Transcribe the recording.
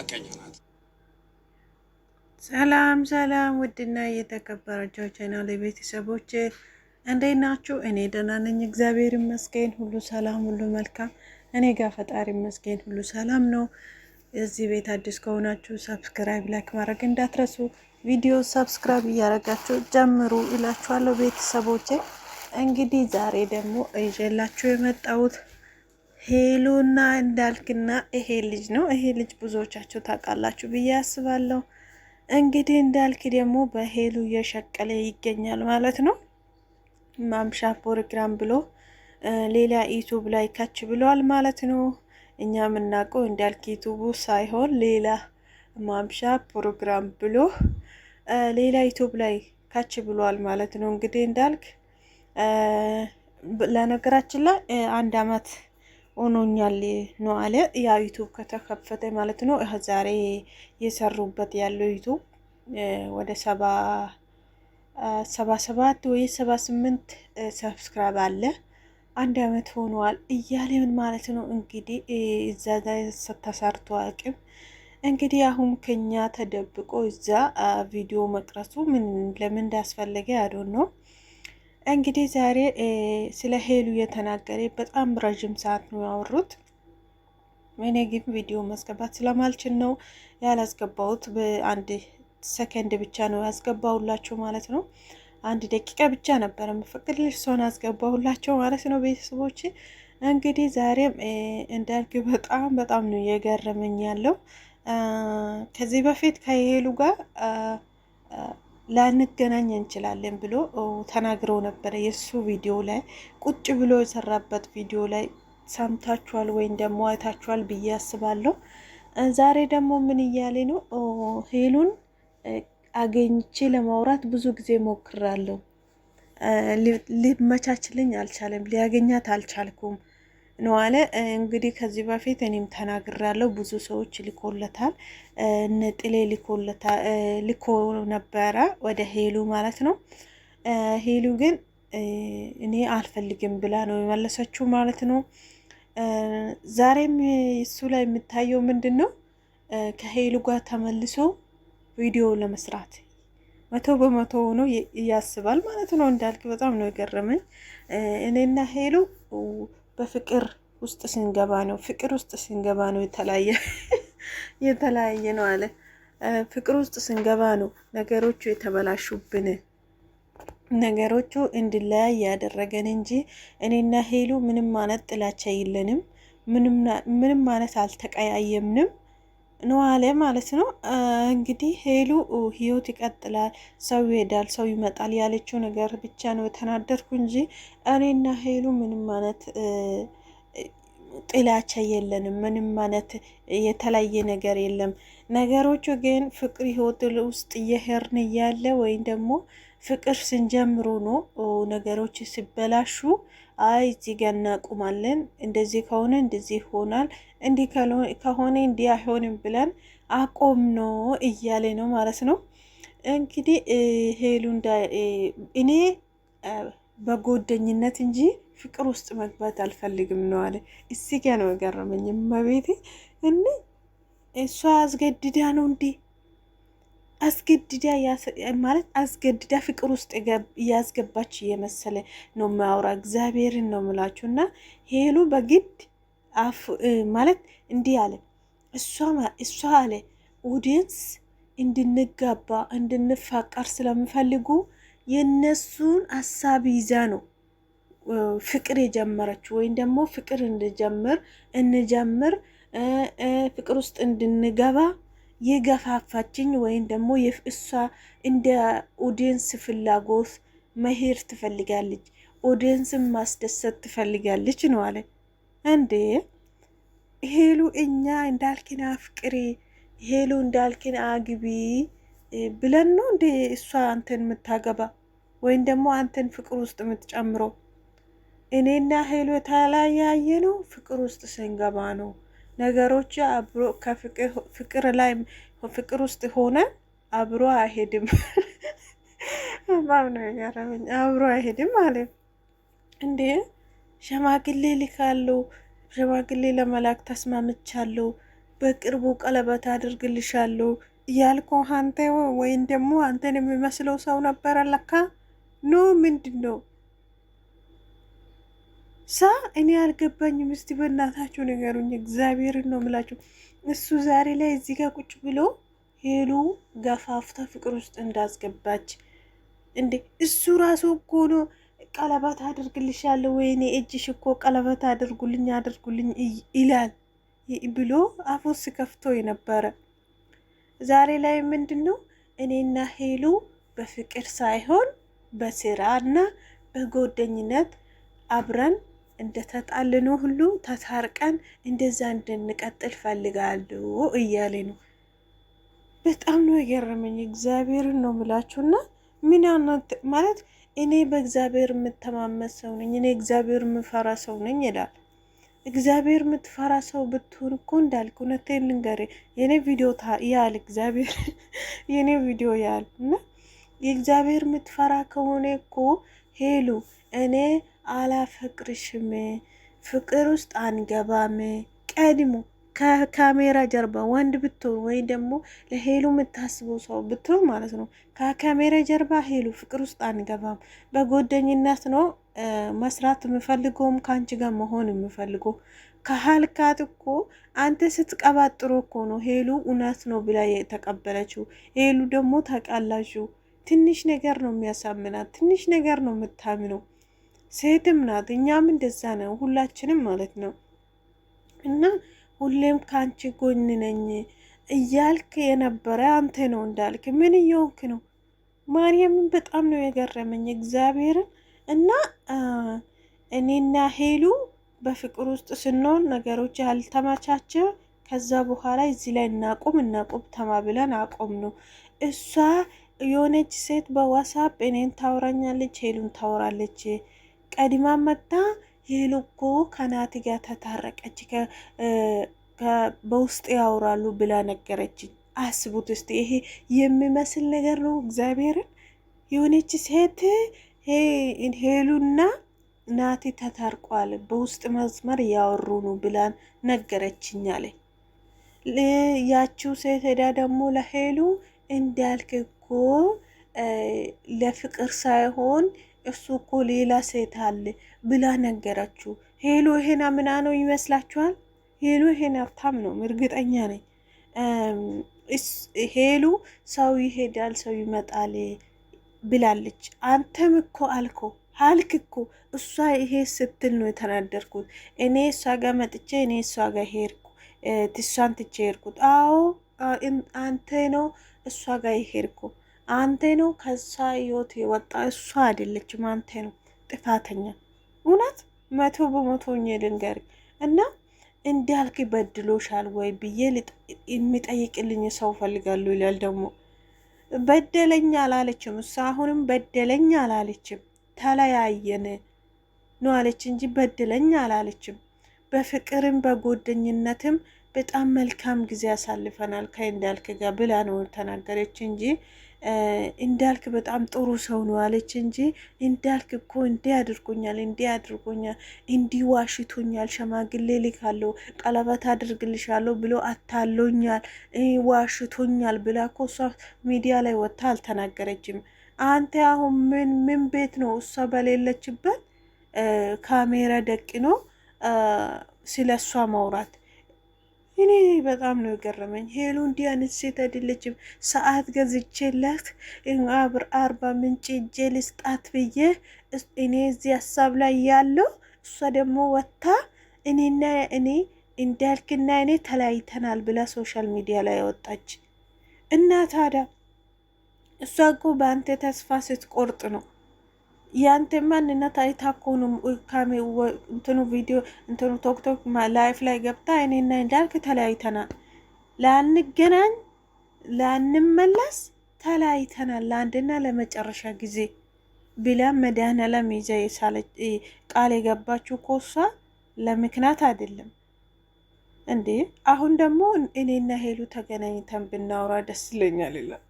አገኘናት። ሰላም ሰላም፣ ውድና እየተከበራቸው ቻናል ቤተሰቦች እንዴት ናችሁ? እኔ ደህና ነኝ፣ እግዚአብሔር ይመስገን። ሁሉ ሰላም፣ ሁሉ መልካም። እኔ ጋር ፈጣሪ ይመስገን፣ ሁሉ ሰላም ነው። እዚህ ቤት አዲስ ከሆናችሁ ሰብስክራይብ፣ ላይክ ማድረግ እንዳትረሱ። ቪዲዮ ሰብስክራይብ እያደረጋችሁ ጀምሩ እላችኋለሁ ቤተሰቦቼ። እንግዲህ ዛሬ ደግሞ ይዤላችሁ የመጣሁት ሄሉና እንዳልክና ይሄ ልጅ ነው። ይሄ ልጅ ብዙዎቻችሁ ታውቃላችሁ ብዬ አስባለሁ። እንግዲህ እንዳልክ ደግሞ በሄሉ እየሸቀለ ይገኛል ማለት ነው። ማምሻ ፕሮግራም ብሎ ሌላ ዩቱብ ላይ ከች ብለዋል ማለት ነው። እኛ የምናውቀው እንዳልክ ዩቱቡ ሳይሆን ሌላ ማምሻ ፕሮግራም ብሎ ሌላ ዩቱብ ላይ ካች ብለዋል ማለት ነው። እንግዲህ እንዳልክ ለነገራችን ላይ አንድ አመት ሆኖኛል ነው አለ። ያ ዩቱብ ከተከፈተ ማለት ነው። ዛሬ የሰሩበት ያለው ዩቱብ ወደ ሰባ ሰባ ሰባት ወይ ሰባ ስምንት ሰብስክራይብ አለ። አንድ አመት ሆኗል እያለ ምን ማለት ነው እንግዲህ እዛ ላይ ተሰርቶ አቅም እንግዲህ አሁን ከኛ ተደብቆ እዛ ቪዲዮ መቅረሱ ምን ለምን እንዳስፈለገ አዶን ነው እንግዲህ ዛሬ ስለ ሄሉ የተናገረ በጣም ረዥም ሰዓት ነው ያወሩት። እኔ ግን ቪዲዮ ማስገባት ስለማልችል ነው ያላስገባሁት። በአንድ ሰከንድ ብቻ ነው ያስገባሁላችሁ ማለት ነው። አንድ ደቂቃ ብቻ ነበረ የምፈቅድልሽ ሰሆን አስገባሁላቸው ማለት ነው። ቤተሰቦች እንግዲህ ዛሬም እንዳልክ በጣም በጣም ነው የገረመኝ ያለው ከዚህ በፊት ከሄሉ ጋር ላንገናኝ እንችላለን ብሎ ተናግረው ነበረ። የእሱ ቪዲዮ ላይ ቁጭ ብሎ የሰራበት ቪዲዮ ላይ ሰምታችኋል ወይም ደግሞ አይታችኋል ብዬ አስባለሁ። ዛሬ ደግሞ ምን እያለ ነው? ሄሉን አገኝቼ ለማውራት ብዙ ጊዜ ሞክራለሁ፣ ሊመቻችልኝ አልቻለም፣ ሊያገኛት አልቻልኩም ነው አለ። እንግዲህ ከዚህ በፊት እኔም ተናግራለሁ። ብዙ ሰዎች ልኮለታል፣ ነጥሌ ልኮ ነበረ ወደ ሄሉ ማለት ነው። ሄሉ ግን እኔ አልፈልግም ብላ ነው የመለሰችው ማለት ነው። ዛሬም እሱ ላይ የምታየው ምንድን ነው ከሄሉ ጋር ተመልሶ ቪዲዮ ለመስራት መቶ በመቶ ሆኖ ያስባል ማለት ነው። እንዳልክ በጣም ነው የገረመኝ እኔና ሄሉ በፍቅር ውስጥ ስንገባ ነው ፍቅር ውስጥ ስንገባ ነው የተለያየ የተለያየ ነው አለ። ፍቅር ውስጥ ስንገባ ነው ነገሮቹ የተበላሹብን ነገሮቹ እንድለያይ ያደረገን እንጂ እኔና ሄሉ ምንም አይነት ጥላቻ የለንም። ምንም አይነት አልተቀያየምንም። ነዋለ ማለት ነው እንግዲህ ሄሉ ህይወት ይቀጥላል፣ ሰው ይሄዳል፣ ሰው ይመጣል ያለችው ነገር ብቻ ነው የተናደርኩ እንጂ እኔና ሄሉ ምንም ማለት ጥላቻ የለንም። ምንም ማለት የተለየ ነገር የለም። ነገሮቹ ግን ፍቅር ህይወት ውስጥ እየሄርን እያለ ወይም ደግሞ ፍቅር ስንጀምሩ ነው ነገሮች ሲበላሹ አይ እዚህ ጋ እናቁማለን፣ እንደዚህ ከሆነ እንደዚህ ይሆናል፣ እንዲህ ከሆነ እንዲህ አይሆንም ብለን አቆም ነው እያለ ነው ማለት ነው። እንግዲህ ሄሉ እኔ በጎደኝነት እንጂ ፍቅር ውስጥ መግባት አልፈልግም ነው አለ። እዚህ ጋ ነው የገረመኝ። መቤቴ እኔ እሷ አስገድዳ ነው እንዲህ አስገድዳ ማለት አስገድዳ ፍቅር ውስጥ እያስገባች እየመሰለ ነው የሚያወራ። እግዚአብሔርን ነው የምላችሁ። እና ሄሉ በግድ ማለት እንዲህ አለ እሷ አለ ኦዲየንስ እንድንጋባ እንድንፋቀር ስለምፈልጉ የነሱን ሀሳብ ይዛ ነው ፍቅር የጀመረችው ወይም ደግሞ ፍቅር እንጀምር እንጀምር ፍቅር ውስጥ እንድንገባ የገፋፋችኝ ወይም ደግሞ እሷ እንደ ኦዲየንስ ፍላጎት መሄድ ትፈልጋለች፣ ኦዲየንስን ማስደሰት ትፈልጋለች ነው አለ። እንዴ ሄሉ እኛ እንዳልክን አፍቅሪ፣ ሄሉ እንዳልክን አግቢ ብለን ነው እንዴ እሷ አንተን የምታገባ ወይም ደግሞ አንተን ፍቅር ውስጥ የምትጨምረው? እኔና ሄሉ የተለያየ ነው ፍቅር ውስጥ ስንገባ ነው ነገሮች አብሮ ከፍቅር ላይ ፍቅር ውስጥ ሆነ አብሮ አይሄድም። ማም ነው የገረመኝ። አብሮ አይሄድም አለ እንዴ! ሸማግሌ ልካሉ፣ ሸማግሌ ለመላክ ተስማምቻለሁ፣ በቅርቡ ቀለበት አድርግልሻለሁ እያልኩ አንተ ወይም ደግሞ አንተን የሚመስለው ሰው ነበረ ለካ ኖ ምንድን ነው ሳ እኔ አልገባኝም። እስቲ በእናታችሁ ንገሩኝ። እግዚአብሔርን ነው የምላችሁ። እሱ ዛሬ ላይ እዚህ ጋር ቁጭ ብሎ ሄሉ ገፋፍታ ፍቅር ውስጥ እንዳስገባች እንዴ! እሱ ራሱ እኮ ነው ቀለበት አድርግልሻለሁ፣ ወይኔ እጅሽ እኮ ቀለበት አድርጉልኝ አድርጉልኝ ይላል ብሎ አፎስ ከፍቶ የነበረ ዛሬ ላይ ምንድን ነው እኔና ሄሉ በፍቅር ሳይሆን በስራና በጎደኝነት አብረን እንደተጣልነው ሁሉ ተታርቀን እንደዛ እንድንቀጥል ፈልጋለሁ እያለ ነው። በጣም ነው የገረመኝ። እግዚአብሔርን ነው ምላችሁና ምን ማለት እኔ በእግዚአብሔር የምተማመን ሰው ነኝ፣ እኔ እግዚአብሔር የምፈራ ሰው ነኝ ይላል። እግዚአብሔር የምትፈራ ሰው ብትሆን እኮ እንዳልክ እውነቴን ልንገር፣ የኔ ቪዲዮ ያል እግዚአብሔር የኔ ቪዲዮ ያል እና የእግዚአብሔር የምትፈራ ከሆነ እኮ ሄሉ እኔ አላፈቅርሽም፣ ፍቅር ውስጥ አንገባም። ቀድሞ ከካሜራ ጀርባ ወንድ ብትሆን ወይም ደግሞ ለሄሉ የምታስበው ሰው ብትሆን ማለት ነው። ከካሜራ ጀርባ ሄሉ ፍቅር ውስጥ አንገባም፣ በጎደኝነት ነው መስራት የምፈልገውም ከአንቺ ጋር መሆን የምፈልገው ከሀልካት እኮ አንተ ስትቀባጥሮ እኮ ነው ሄሉ እውነት ነው ብላ የተቀበለችው። ሄሉ ደግሞ ተቃላችሁ። ትንሽ ነገር ነው የሚያሳምናት፣ ትንሽ ነገር ነው የምታምነው። ሴትም ናት። እኛም እንደዛ ነው፣ ሁላችንም ማለት ነው። እና ሁሌም ከአንቺ ጎን ነኝ እያልክ የነበረ አንተ ነው እንዳልክ ምን እየሆንክ ነው? ማርያምን በጣም ነው የገረመኝ እግዚአብሔርን። እና እኔና ሄሉ በፍቅር ውስጥ ስንሆን ነገሮች ያልተመቻቸው ከዛ በኋላ እዚህ ላይ እናቁም እናቁም ብለን አቆም ነው። እሷ የሆነች ሴት በዋሳብ እኔን ታውራኛለች፣ ሄሉን ታውራለች። ቀድማ መታ ይህን እኮ ከናቲ ጋር ተታረቀች በውስጥ ያወራሉ ብላ ነገረችኝ። አስቡት እስቲ ይሄ የሚመስል ነገር ነው። እግዚአብሔርን የሆነች ሴት ሄሉና ናቲ ተታርቋል በውስጥ መስመር ያወሩ ነው ብላን ነገረችኝ አለ። ያችው ሴት ሄዳ ደግሞ ለሄሉ እንዳልክ እኮ ለፍቅር ሳይሆን እሱ እኮ ሌላ ሴት አለ ብላ ነገረችው። ሄሎ ይሄን አምና ነው ይመስላችኋል? ሄሎ ይሄን ሀብታም ነው እርግጠኛ ነኝ። ሄሉ ሰው ይሄዳል ሰው ይመጣል ብላለች። አንተም እኮ አልኮ አልክ እኮ እሷ ይሄ ስትል ነው የተናደርኩት። እኔ እሷ ጋር መጥቼ እኔ እሷ ጋር ሄድኩ ትሷን ትቼ ሄድኩት። አዎ አንተ ነው እሷ ጋር ይሄድኩ አንተ ነው ከዛ ህይወት የወጣ እሷ አይደለችም፣ አንተ ነው ጥፋተኛ። እውነት መቶ በመቶኛ ልንገር እና እንዲያልክ በድሎሻል ወይ ብዬ የሚጠይቅልኝ ሰው ፈልጋለሁ ይላል። ደግሞ በደለኛ አላለችም እሷ አሁንም በደለኛ አላለችም፣ ተለያየን ነው አለች እንጂ በደለኛ አላለችም። በፍቅርም በጎደኝነትም በጣም መልካም ጊዜ አሳልፈናል ከእንዳልክ ጋር ብላ ነው ተናገረች እንጂ እንዳልክ በጣም ጥሩ ሰው ነው አለች እንጂ እንዳልክ እኮ እንዲህ አድርጎኛል፣ እንዲህ አድርጎኛል፣ እንዲህ ዋሽቶኛል፣ ሸማግሌ ልካለሁ፣ ቀለበት አድርግልሻለሁ ብሎ አታሎኛል፣ ዋሽቶኛል ብላ እኮ እሷ ሚዲያ ላይ ወጥታ አልተናገረችም። አንተ አሁን ምን ምን ቤት ነው እሷ በሌለችበት ካሜራ ደቅኖ ስለ እሷ ማውራት እኔ በጣም ነው የገረመኝ። ሄሉ እንዲህ አይነት ሴት አይደለችም። ሰዓት ገዝቼለት አብር አርባ ምንጭ እጄ ልስጣት ብዬ እኔ እዚህ ሀሳብ ላይ ያለው እሷ ደግሞ ወጥታ እኔና እኔ እንዳልክና እኔ ተለያይተናል ብላ ሶሻል ሚዲያ ላይ ወጣች እና ታዲያ እሷ እኮ በአንተ ተስፋ ስትቆርጥ ነው ያንተ ማንነት አይታ እኮ ነው ካሜ እንትኑ ቪዲዮ እንትኑ ቶክቶክ ላይፍ ላይ ገብታ እኔና እንዳልክ ተለያይተናል፣ ላንገናኝ፣ ላንመለስ ተለያይተናል ለአንድና ለመጨረሻ ጊዜ ብላ መድኃኒዓለም ይዛ የሳለች ቃል የገባችው እኮ እሷ ለምክንያት አይደለም እንዴ። አሁን ደግሞ እኔና ሄሉ ተገናኝተን ብናወራ ደስ ይለኛል ይላል።